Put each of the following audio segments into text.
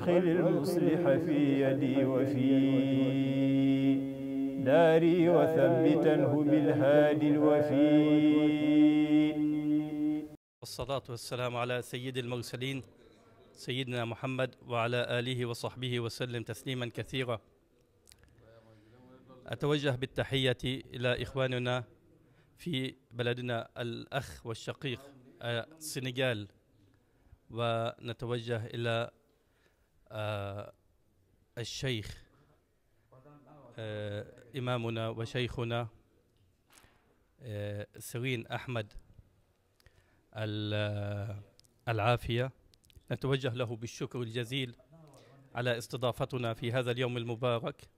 خير المصلح في يدي وفي داري وثبته بالهادي الوفي والصلاة والسلام على سيد المرسلين سيدنا محمد وعلى آله وصحبه وسلم تسليما كثيرا أتوجه بالتحية إلى إخواننا في بلدنا الأخ والشقيق السنغال ونتوجه إلى آه الشيخ آه إمامنا وشيخنا آه سرين أحمد العافية نتوجه له بالشكر الجزيل على استضافتنا في هذا اليوم المبارك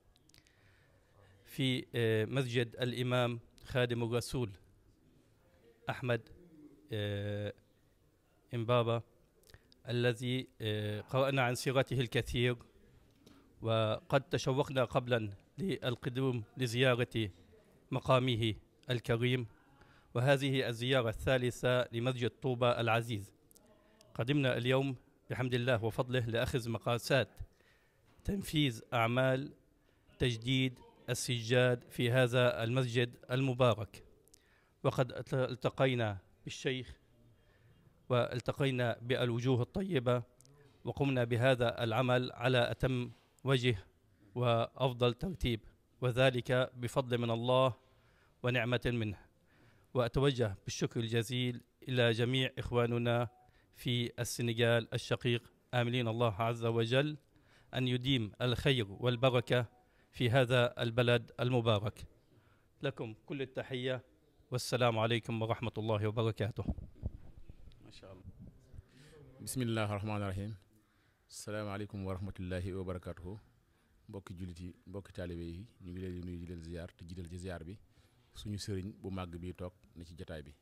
في مسجد الإمام خادم الرسول أحمد إمبابا الذي قرأنا عن سيرته الكثير وقد تشوقنا قبلا للقدوم لزيارة مقامه الكريم وهذه الزيارة الثالثة لمسجد طوبى العزيز قدمنا اليوم بحمد الله وفضله لأخذ مقاسات تنفيذ أعمال تجديد السجاد في هذا المسجد المبارك وقد التقينا بالشيخ والتقينا بالوجوه الطيبة وقمنا بهذا العمل على أتم وجه وأفضل ترتيب وذلك بفضل من الله ونعمة منه وأتوجه بالشكر الجزيل إلى جميع إخواننا في السنغال الشقيق آملين الله عز وجل أن يديم الخير والبركة في هذا البلد المبارك لكم كل التحية والسلام عليكم ورحمة الله وبركاته macha allah. bisimilah rahmaani rahiim. salaamaaleykum wa rahmatullahi wa mbokki jullit yi mbokki taalibe yi ñu ngi leen di nuyu di leen ziar te jiital ci ziar bi suñu sëriñ bu màgg bi toog ni ci jataay bi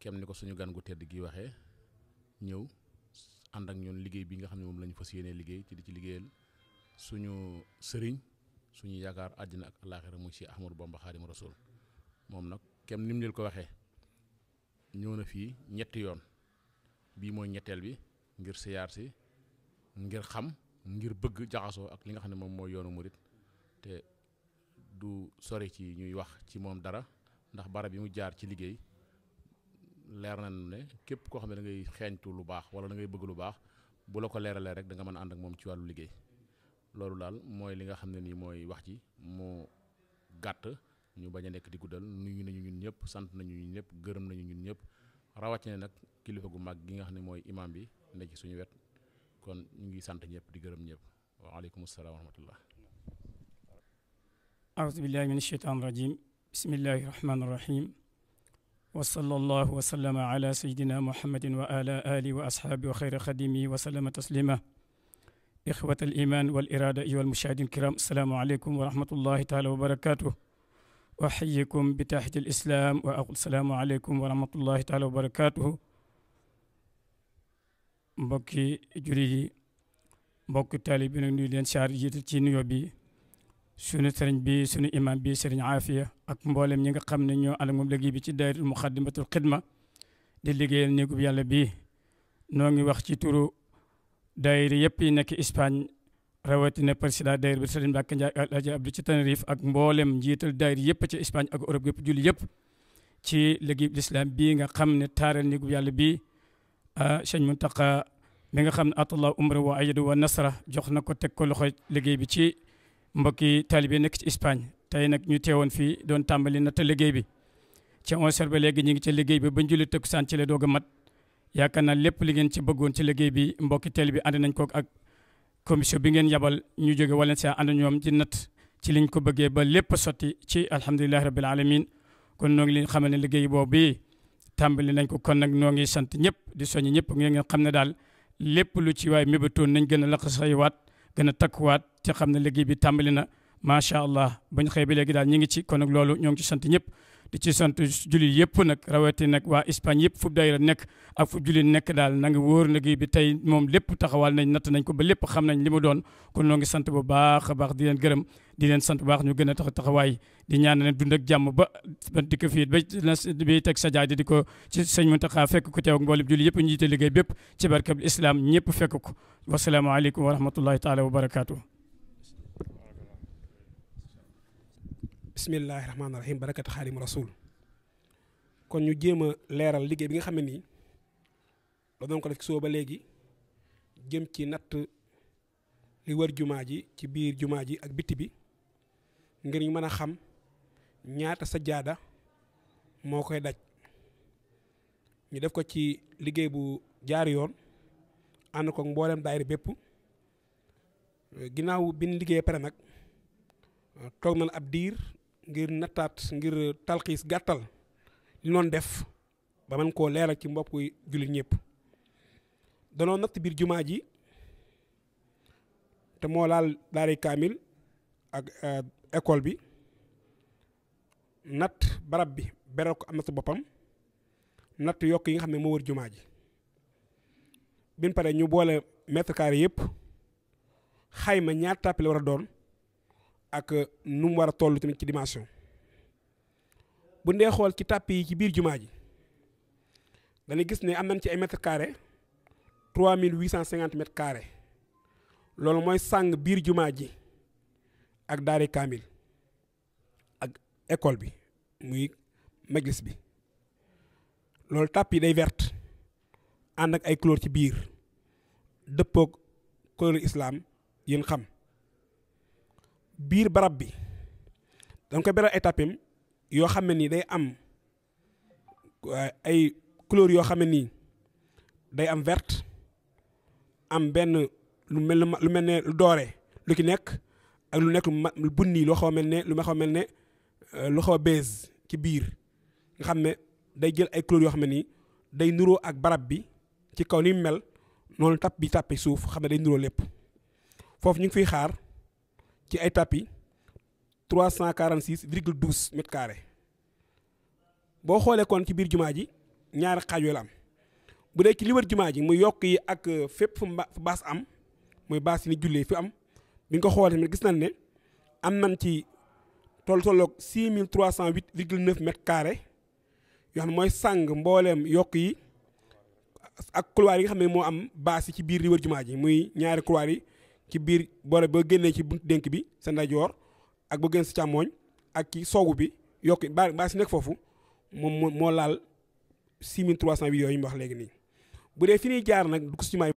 kem ni ko suñu gan gu tedd gi waxee ñëw ànd ak ñoom liggéey bi nga xam ne moom lañu ñu fas yéenee liggéey ci di ci liggéeyal suñu sëriñ suñu yaakaar àddina ak àllaaxira muy si Ahmadou Bamba Xaadimu Rasuul moom nag kem ni mu leen ko waxee ñëw na fii ñetti yoon bii mooy ñetteel bi ngir siyaar si ngir xam ngir bëgg jaxasoo ak li nga xam ne moom mooy yoonu murit te du sori ci ñuy wax ci moom dara ndax barab yi mu jaar ci liggéey leer na ne képp koo xam ne da ngay xeeñtu lu baax wala da ngay bëgg lu baax bu la ko leeralee rek danga nga mën a ànd ak moom ci wàllu liggéey loolu daal mooy li nga xam ne nii mooy wax ci mu gàtt ñu bañ a nekk di guddal nuyu nañu ñun ñëpp sant nañu ñun ñëpp gërëm nañu ñun ñëpp rawatina nag kilifa gu mag gi nga xam ne mooy imam bi ne ci suñu wet kon ñu ngi sant ñëpp di gërëm ñëpp waaleykum salaam wa rahmatullah aoudu billahi min asheytaan rajim bismillahi rahmani rahim wa sallallahu wa sallama ala sayidina muhammadin wa ala ali wa ashaabi wa xayra xadimi wa sallama taslima ixwat al iman wal irada ayyuha al mushahidin kiram assalaamu aleykum wa rahmatullahi taala wa barakatuh uxayikum bi taxiyati al islaam wa aqul salaamu aleykum wa rahmatullahi taala wa barakaatuhu mbokki jullit mbokki taali bi nag nuyu leen saar jiital ci nuyoo bi sunu sëriñ bi sunu imam bi sëriñ Aafiya ak mboolem ñi nga xam ne ñoo ànd ak moom bi ci daayira Muxaddamatul Xidma di liggéeyal néegub yàlla bi noo ngi wax ci turu daayira yëpp nekk Espagne rawatina président daayira bi Sëriñ Mbàkke Njaay Alaaji Abdu ci ak mboolem njiital daayira yëpp ci Espagne ak Europe yépp julli yëpp ci liggéey lislaam bii nga xam ne taaral néegu yàlla bii ah, sëñ Muntaqa mi nga xam ne atallah umra wa ayadu wa nasra jox na ko teg ko loxo liggéey bi ci mbokki taalibe nekk ci Espagne tey nag ñu teewoon fii doon tàmbali natt liggéey bi ci onze heures ba léegi ñu ngi ci liggéey bi ba njulli tëkkusaan ci la doog a mat yaakaar naa lépp li ngeen ci bëggoon ci liggéey bi mbokki teel bi ànd nañ ko ak commission bi ngeen yabal ñu jóge Valencia ànd ñoom ci nat ci liñ ko bëggee ba lépp sotti ci alhamdulilahi rabbil alamin kon noo ngi leen xamal ne liggéey boobu tàmbali nañ ko kon nag noo ngi sant ñëpp di soññ ñëpp ngeen xam ne daal lépp lu ci waay mébatoon nañ gën a waat gën a takkuwaat ci xam ne liggéey bi tàmbali na macha allah bañ xëy ba léegi daal ñu ngi ci kon nag loolu ñoo ngi ci sant ñëpp di ci sant julli yëpp nag rawati nag waa Espagne yëpp fu daayira nekk ak fu jullit nekk daal na nga wóor na bi tey moom lépp taxawal nañ natt nañ ko ba lépp xam nañ li mu doon kon noo ngi sant bu baax a baax di leen gërëm di leen sant bu baax ñu gën a tax taxawaay di ñaan leen dund ak jàmm ba ba di fii ba bi teg sa jaay di ko ci sëñ Mountakha fekk ko teew ak mboolem jullit yëpp ñu jiite liggéey bépp ci barkab islam ñëpp fekk ko wasalaamaaleykum wa rahmatullahi taala wa barakaatu bisimilahi rahmaani rahim barakat xaadim rasul kon ñu jéem a leeral liggéey bi nga xam ne nii da doon ko def soo ba léegi jëm ci natt li wër jumaa ji ci biir jumaa ji ak bitti bi ngir ñu mën a xam ñaata sajjaada moo koy daj ñu def ko ci liggéey bu jaar yoon ànd ko mboolem daayira bépp ginnaaw bi ñu liggéey pare nag toog nañ ab diir ngir nattaat ngir talxiis gàttal li noon def ba mën koo leeral ci mbokk jullit ñëpp danoo natt biir jumaa ji te moo laal daaray kaamil ak eh, école bi natt barab bi beral ko am na boppam natt yokk yi nga xam ne moo war jumaa ji bin pare ñu boole mètre carré yëpp xayma ñaar tàppi war a doon ak euh, nu mu war a toll tamit ci dimension bu ndee xool ci tàpp yi ci biir jumaa ji dañuy gis ne am nañ ci ay mètres carrés trois mille huit cent cinquante mètres carrés loolu mooy sàng biir jumaa ji ak daari kaamil ak école bi muy majlis bi loolu tàpp yi day verte ànd ak ay couleur ci biir dëppoog couleur islam yéen xam biir barab bi dañ koy beral ay tapim yoo xam ne nii day am ay couleur yoo xam ne nii day am verte am benn lu mel ne lu mel ne lu doore lu ki nekk ak lu nekk lu bunni lu xaw mel ne lu ma a mel ne euh, lu xaw a ci biir nga xam ne day jël ay couleur yoo xam ne nii day nuroo ak barab bi ci kaw ni mu mel noonu tap bi tàppe suuf xam ne day nuroo lépp foofu ñu fiy xaar ci ay tapis trois cent quarante six virgule douze mètre carré boo xoolee kon ci biir jumaa ji ñaari xaaj yooyu la am bu dee ci li wër jumaa ji muy yokk yi ak euh, fépp fu baas am muy baas yi ni jullee fi am bi nga ko xoolee tamit gis nañ ne am nañ ci toll tolloog six mille trois cent huit virgule neuf mètre carré yoo xam ne mooy sàng mbooleem yokk yi ak couloir yi nga xam ne moo am baas yi ci biir li wër jumaa ji muy ñaari couloir yi ci biir boole boo génnee ci buntu dénk bi sa ndeyjoor ak boo génn sa càmmooñ ak ci soogu bi yokk ba baa si nekk foofu moom moo laal 6308 yooyu ñu wax léegi nii bu dee fi ñuy jaar nag du ko si jumaa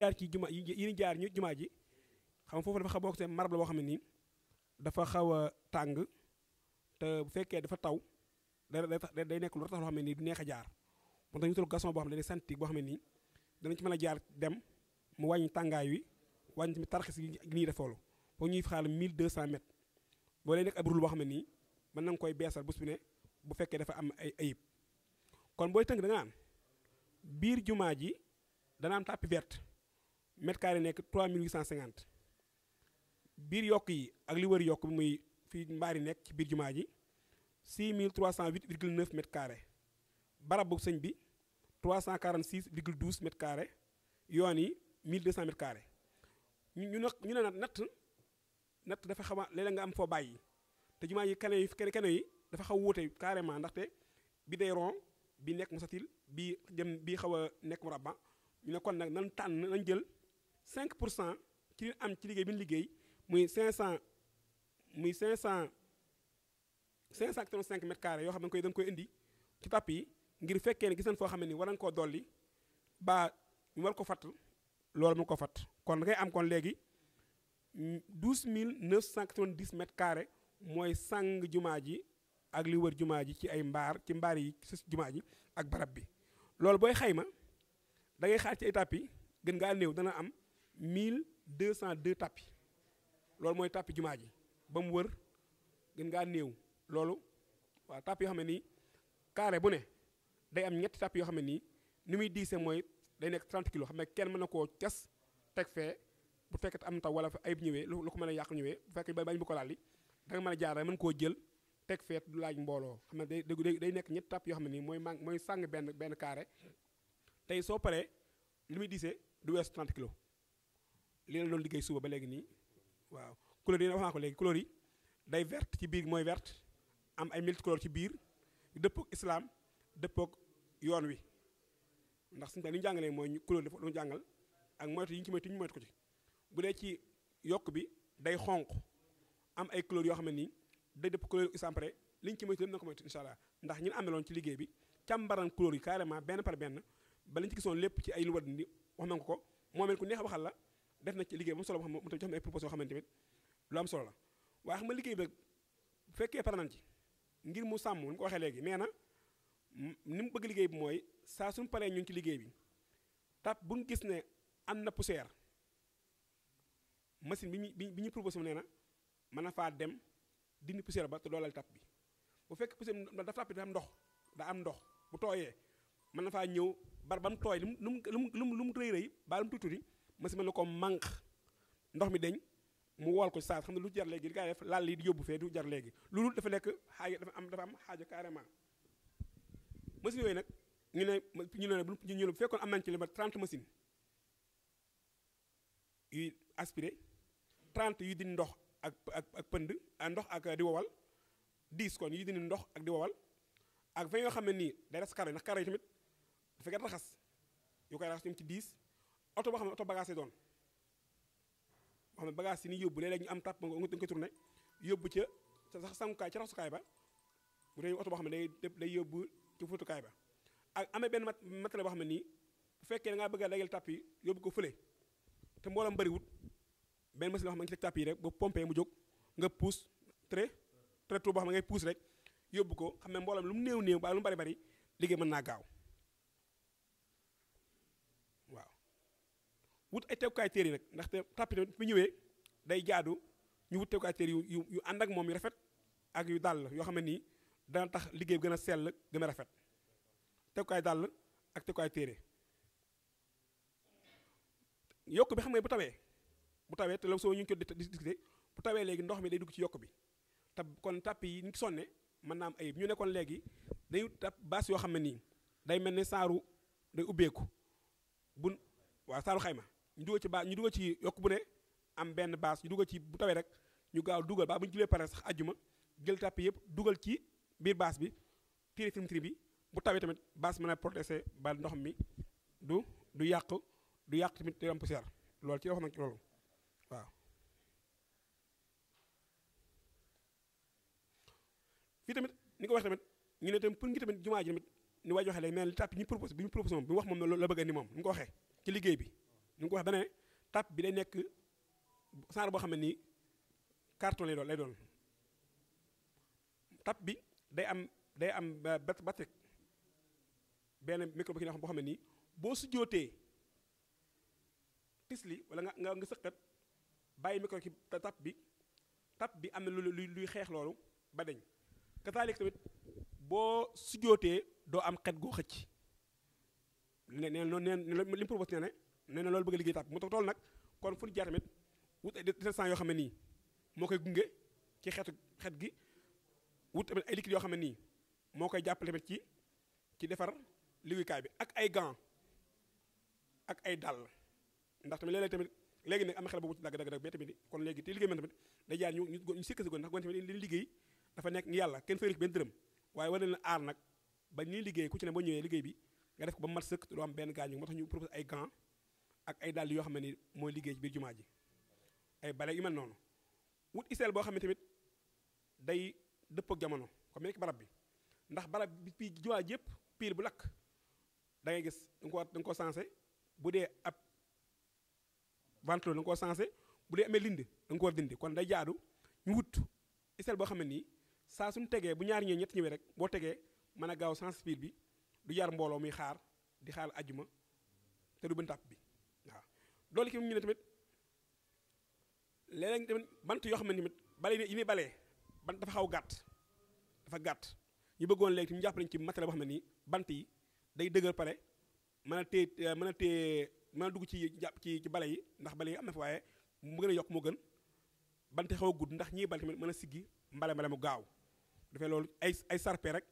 jaar ci juma yi jaar ñu jumaa ji xam foofu dafa xa bokk seen marab la boo xam ne nii dafa xaw a tàng te bu fekkee dafa taw day day nekk lu tax loo xam ne nii du neex a jaar moo tax ñu gason boo xam ne santi boo xam ne nii danañ ci mën a jaar dem mu wàññi tàngaay wi wàññi tamit tarxis gi nii defoolu foofu ñuy xaal 1200 mètres boo lay nekk ab rul boo xam ne nii mën na koy beesal bés bu ne bu fekkee dafa am ay ayib kon booy tënk da nga biir jumaa ji dana am tapis vert mètre carré nekk 3850 biir yokk yi ak li war yokk bi muy fii mbaar yi nekk ci biir jumaa ji 6308 virgule 9 mètre carré barabu sëñ bi 346 virgule 12 mètre carré yoon yi 1200 mètre carré ñu ñu ñu ne natt natt dafa xaw a léeg nga am foo bàyyi te jumaa yi kene yi kene yi dafa xaw wuute carrément ndaxte bi day rond bi nekk musatil bi jëm bi xaw a nekk murabba ñu ne kon nag nan tànn nañ jël cinq pour cent ci li am ci liggéey bi ñu liggéey muy cent muy cent 500 585 mètres carrés yoo xam ne dañu koy dañu koy indi ci tàpp yi ngir fekkee ne gis foo xam ne ni war nañu koo dolli ba ñu war ko fatt loolu mu ko fatt kon dangay am kon léegi mille cinq 12990 mètres carrés mooy sàng jumaa ji ak li jumaa ji ci ay mbaar ci mbaar yi ci jumaa ji ak barab bi loolu booy xayma da ngay xaar ci étape yi gën ngaa néew dana am mille deux cent deux tapis loolu mooy tapis jumaa ji ba mu wër gën ngaa néew loolu waaw tapis yoo xam ne nii kaare bu ne day am ñetti tapis yoo xam ne nii ni muy diise mooy day nekk 30 kilos xam ne kenn mën na koo cas teg fee bu fekkee am taw wala fa ayib ñëwee lu ko mën a yàq ñëwee bu fekkee ba bañ bu ko laal li da mën a jaar mën koo jël teg fee du laaj mbooloo xam ne day day nekk ñetti tapis yoo xam ne nii mooy man mooy sàng benn benn carré tey soo paree lu muy diisee du weesu kilos li la doon liggéey suba ba léegi nii waaw couleur yi wax naa ko léegi couleur yi day verte ci biir mooy verte am ay multicolore ci biir dëppook islam dëppook yoon wi ndax suñu taal li mooy ñu couleur dafa jàngal ak moytu yi ñu ñu moytu ko ci bu dee ci yokk bi day xonq am ay couleurs yoo xam ne nii day dëpp couleur islam pare li ñu ci moytu lépp na ko moytu incha allah ndax ñun ameloon ci liggéey bi càmbaran couleur yi carrément benn par benn ba lañ ci gisoon lépp ci ay lu war di ko ko ku neex waxal def na ci liggéey bu solo boo xam ne mu ay proposition yoo xamante tamit lu am solo la waaye xam ma liggéey bi bu fekkee pare nañ ci ngir mu sàmm ni ko waxee léegi nee na ni mu bëgg liggéey bi mooy saa suñu paree ñun ci liggéey bi tap bu ñu gis ne am na poussière machine bi ñu bi ñu proposé mu nee na mën na faa dem dindi poussière ba te doolal tap bi bu fekk poussière dafa tap bi dafa am ndox daa am ndox bu tooyee mën na faa ñëw bar ba mu tooy lu mu lu mu lu mu rëy rëy baa masi mën na ko manq ndox mi deñ mu wool ko saa xam ne lu jar léegi li kay def lal yi di yóbbu fee du jar léegi loolu dafa nekk xaaja dafa am dafa am xaaja carrément machine yooyu nag ñu ne ñu ne bu ñu bu fekkoon am nañ ci li ma 30 machine yuy aspiré 30 yuy dindi ndox ak ak ak pënd ah, ndox ak di wowal 10 kon yuy dindi ndox ak di wowal ak 20 yoo xam ne nii day des carré ndax carré yi tamit dafa gën raxas yu koy raxas ñoom ci 10 oto boo xam ne oto bagage doon boo xam ne bagage yi ni yóbbu léeg-léeg ñu am tàpp nga dañ koy tourné yóbbu ca sax sangukaay ca raxasukaay ba bu dee oto boo xam ne day day yóbbu ci fóotukaay ba ak amee benn mat matériel boo xam ne nii bu fekkee da bëgg a dajal tàpp yóbbu ko fële te mbooloo mbariwut benn machine wax xam ne nga ci teg tàpp yi rek ba pompé mu jóg nga puus très très tout boo xam ne ngay puus rek yóbbu ko xam ne mbooloo lu mu néew néew ba lu mu bari bari liggéey mën naa gaaw wut ay teewkaay téere nag ndaxte tapis tamit bu ñëwee day jaadu ñu wut teewkaay téere yu ànd ak moom yu rafet ak yu dàll yoo xam ne nii dana tax liggéey bi gën a sell gën a rafet teewkaay dàll ak teewkaay téere yokk bi xam nga bu tawee bu tawee te loolu soo ñu ngi ko discuté bu tawee léegi ndox mi day dugg ci yokk bi te kon tapis yi ñu sonne mën naa am ayib ñu nekkoon léegi dañu tap baas yoo xam ne nii day mel ne saaru day ubbeeku bun waa saaru xayma ñu dugal ci baas ñu dugal ci yokk bu ne am benn baas ñu dugal ci bu tawee rek ñu gaaw dugal baa bu ñu julee pare sax ajjuma jël tàpp yëpp dugal ci biir baas bi tiiri filtre bi bu tawee tamit baas mën a protéger ba ndox mi du du yàq du yàq tamit du am ci wax nag ci loolu waaw fii tamit ni ko wax tamit ñu ne tamit pour ngi tamit jumaa ji tamit ni waaj waxee léegi nee li tàpp ñu propose bi ñu propose moom bi mu wax moom la bëgg ni moom ni ko waxee ci liggéey bi ñu ngi ko wax dane tap bi day nekk saar boo xam ne nii carton lay doon lay tap bi day am day am batterie benn micro bi ki boo xam ne nii boo su jootee tisli wala nga nga nga sëqat bàyyi micro ki tap bi tap bi am na lu luy xeex loolu ba deñ kataalik tamit boo su doo am xet goo xëcc ne ne ne li mu proposé ne nee na loolu bëgg a liggéey tàpp mu tax tool nag kon fu ñu jaar tamit wut ay détergents yoo xam ne nii moo koy gunge ci xeetu xeet gi wut tamit ay liquide yoo xam ne nii moo koy jàppale tamit ci ci defar liggéeykaay bi ak ay gan ak ay dàll ndax tamit léeg-léeg tamit léegi nag am na xel boobu ci dagg dagg dagg tamit kon léegi te liggéey man tamit day jaar ñu ñu sikka si goon ndax goon tamit li liggéey dafa nekk ngi yàlla kenn fayru ci benn dërëm waaye war na leen aar nag ba ñuy liggéey ku ci ne boo ñëwee liggéey bi nga def ko ba mat sëkk doo ay gants ak ay dàll yoo xam ne ni mooy liggéey ci biir jumaa ji ay bale yu man noonu wut iseel boo xam ne tamit day dëpp jamono comme nekk barab bi ndax barab bi fii jumaa ji yëpp piil bu lakk dangay gis da nga ko da nga ko sensé bu dee ab ventilo da ko sensé bu dee amee lind da nga ko war dindi kon day jaadu ñu wut iseel boo xam ne nii saa suñu tegee bu ñaari ñëw ñett ñëwee rek boo tegee mën a gaaw sens piil bi du jaar mbooloo muy xaar di xaar ajuma loolu ki mu ñu ne tamit léeg-léeg tamit bant yoo xam ne tamit bale yi muy balee bant dafa xaw gàtt dafa gàtt ñu bëggoon léegi tamit ñu jàppale ci matériel boo xam ne nii bant yi day dëgër pare mën a téye euh, mën a téye mën dugg ci jàpp ci ci bale yi ndax bale yi am na fa waaye mu gën a yokk moo gën bant xaw a gudd ndax ñiy bale tamit mën a siggi mbale mbale mu gaaw dafay loolu ay ay sarpe rek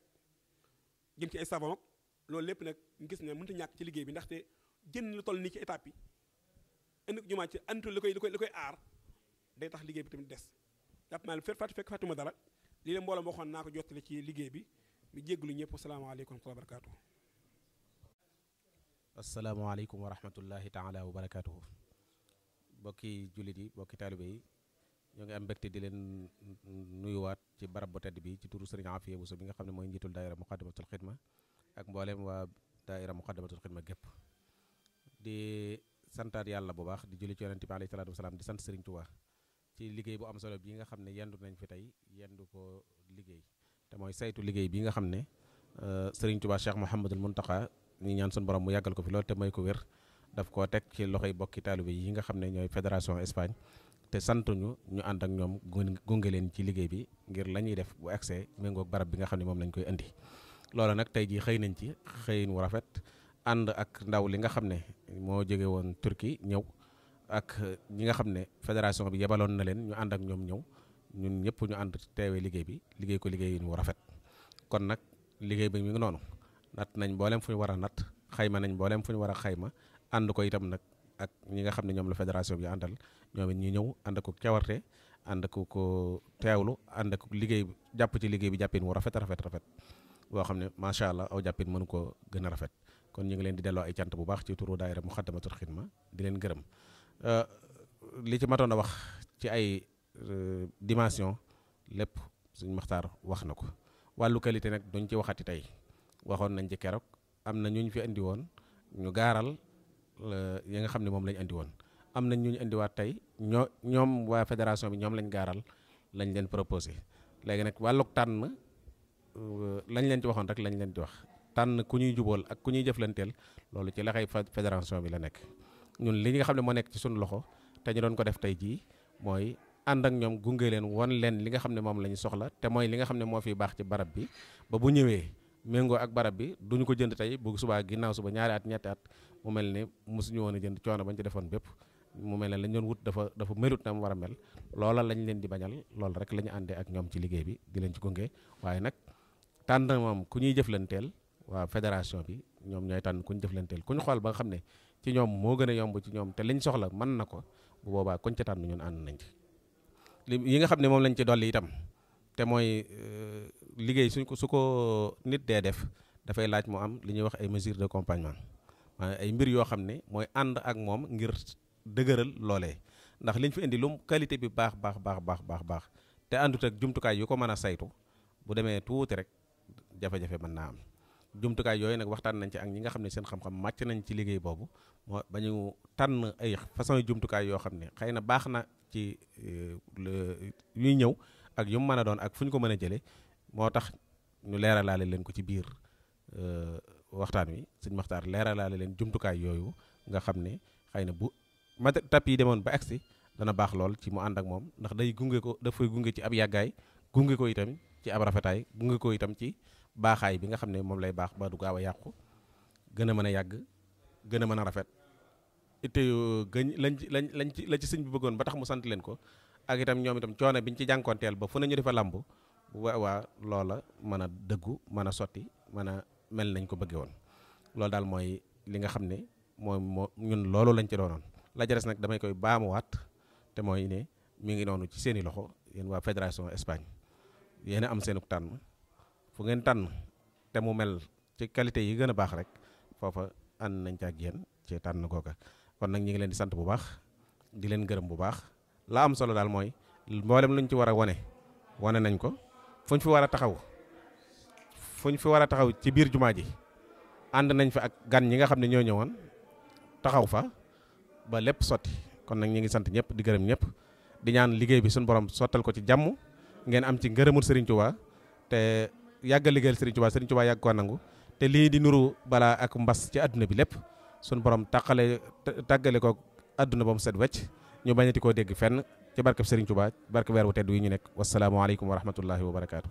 jëm ci ay savon ak loolu lépp nag gis ne mënut a ñàkk ci liggéey bi ndaxte jën lu toll nii ci étape bi indi ko jumaa ci antu li koy aar day tax liggéey bi tamit des jàpp naa ne fekk fàtte fekk fàttuma dara lii la mbooloo waxoon naa ko jottali ci liggéey bi mu jégglu ñëpp asalaamaaleykum wa rahmatulah barakaatu. asalaamaaleykum wa rahmatullahi taala wa barakaatuhu mbokki jullit yi mbokki taalibe yi ñoo ngi am mbégte di leen nuyuwaat ci barab bu tedd bi ci turu Serigne Afia Bousso bi nga xam ne mooy njiitul daaira Muqaddamatul Xidma ak mboolem waa daaira Muqaddamatul Xidma gépp santaat yàlla bu baax di julli ci yonent bi alayhi salaatu wasalaam di sant Serigne Touba ci liggéey bu am solo bi nga xam ne yendu nañ fi tey yendu ko xam ne euh, Serigne Touba Cheikh Mouhamadul Mountakha ñu ñaan sun borom mu yàggal ko fi loolu te may ko wér daf koo teg ci loxoy bokki taalibe yi nga xam ne ñooy fédération Espagne te santuñu ñu ànd ak ñoom gunge leen ci liggéey bi ngir la ñuy def bu accès méngoog barab bi nga xam ne moom lañ koy indi a nag tey jii xëy nañ ci xëyin wu rafet ànd ak ndaw li nga xam ne moo jóge woon Turquie ñëw ak ñi nga xam ne fédération bi yebaloon na leen ñu ànd ak ñoom ñëw ñun ñëpp ñu ànd teewee liggéey bi liggéey ko liggéeyin wu rafet kon nag liggéey bi mi ngi noonu natt nañ mboolem fu ñu war a natt xayma nañ mboolem fu ñu war a xayma ànd ko itam nag ak ñi nga xam ne ñoom la fédération bi àndal ñoom it ñëw ànd ko cawarte ànd ko ko teewlu ànd ak liggéey jàpp ci liggéey bi jàppin wu rafet rafet rafet boo xam ne macha allah aw jàppin mënu koo gën a rafet kon ñu ngi leen di delloo ay cant bu baax ci turu daayira Muxaddamatul Xidma di leen gërëm euh, li ci matoon a wax ci ay euh, dimension lépp suñ maxtaar wax na ko wàllu qualité nag duñ ci waxati tey waxoon nañ ci keroog am na ñu ñu fi indi woon ñu gaaral euh, yi nga xam ne moom lañ indi woon am nañ ñu ñu indiwaat tey ñoo ñoom waa fédération bi ñoom lañ gaaral lañ leen proposé léegi nag wàlluk tànn lañ leen ci waxoon rek lañ leen di wax tànn ku ñuy jubóol ak ku ñuy jëflanteel loolu ci laxay fédération bi la nekk ñun li nga xam ne moo nekk ci suñu loxo te ñu doon ko def tey jii mooy ànd ak ñoom gunge leen won leen li nga xam ne moom la ñu soxla te mooy li nga xam ne moo fi baax ci barab bi ba bu ñëwee méngoo ak barab bi duñu ko jënd tey bu subaa ginnaaw suba ñaari at ñetti at mu mel ne mosuñu woon a jënd coono bañ ci defoon bépp mu mel ne lañ doon wut dafa dafa mérut na mu war a mel loola lañ leen di bañal loolu rek la ñu àndee ak ñoom ci liggéey bi di leen ci gunge waaye nag tànn moom ku ñuy jëflanteel waa fédération bi ñoom ñooy tànn kuñ jëflanteel kuñ xool ba nga xam ne ci ñoom moo gën a yomb ci ñoom te liñ soxla mën na ko bu boobaa kuñ ca tànn ñun ànd nañ ci. li yi nga xam ne moom lañ ci dolli itam te mooy euh, liggéey suñ ko su ko nit dee def dafay laaj mu am li ñuy wax ay mesures d'accompagnement maanaam ay mbir yoo xam ne mooy ànd ak moom ngir dëgëral loolee ndax liñ fi indi lum qualité bi baax baax baax baax baax baax te àndut ak jumtukaay yu ko mën a saytu bu demee tuuti rek jafe mën naa am. jumtukaay yooyu nag waxtaan nañ ci ak ñi nga xam ne seen xam-xam màcc nañ ci liggéey boobu moo ba ñu tànn ay façon jumtukaay yoo xam ne xëy na baax na ci euh, yuy ñëw ak yu mën a doon ak fu ñu ko mën a jëlee moo tax ñu leeralaale leen ko ci biir euh, waxtaan wi sëñ Maxtaar leeralaale leen jumtukaay yooyu nga xam ne xëy na bu mat tap yi demoon ba agsi dana baax lool ci mu ànd ak moom ndax day gunge ko dafay gunge ci ab yàggaay gunge ko itam ci ab rafetaay gunge ko itam ci baaxaay bi nga xam ne moom lay baax ba du gaaw a yàqu gën a mën a yàgg gën a mën a rafet itte euh, yu gëñ lañ lañ lañ ci la sëñ bi bëggoon ba tax mu sant leen ko ak ñoom itam coono biñ ci jànkoonteel ba fu ne ñu defa làmb wa waa loola mën a dëggu mën a sotti mën a mel nañ ko bëggee woon loolu daal mooy li nga xam ne mooy loolu lañ ci doonoon la jares nag damay koy baamuwaat te mooy ne mi ngi noonu ci seeni loxo yéen waa fédération Espagne yéen a am seenu tànn fu ngeen tànn te mu mel ci qualité yi gën a baax rek foofa ànd nañ ca ak yéen ci tànn googa kon nag ñu ngi leen di sant bu baax di leen gërëm bu baax la am solo daal mooy mboolem luñ ci war a wane wane nañ ko fuñ fi war a taxaw fuñ fi war a taxaw ci biir jumaa ji ànd nañ fa ak gan ñi nga xam ne ñoo ñëwoon taxaw fa ba lépp sotti kon nag ñu ngi sant ñëpp di gërëm ñëpp di ñaan liggéey bi suñ borom sottal ko ci jàmm ngeen am ci ngërëmul sëriñ Touba te yàgg a liggéeyal Serigne Touba Serigne Touba yàgg koo nangu te lii di nuru balaa ak mbas ci àdduna bi lépp sunu borom tàqale tàggale ko àdduna ba mu set wecc ñu bañati koo dégg fenn ci barkeb Serigne Touba barke weer wu tedd wi ñu nekk wasalaamualeykum wa rahmatullahi wa barakaatu.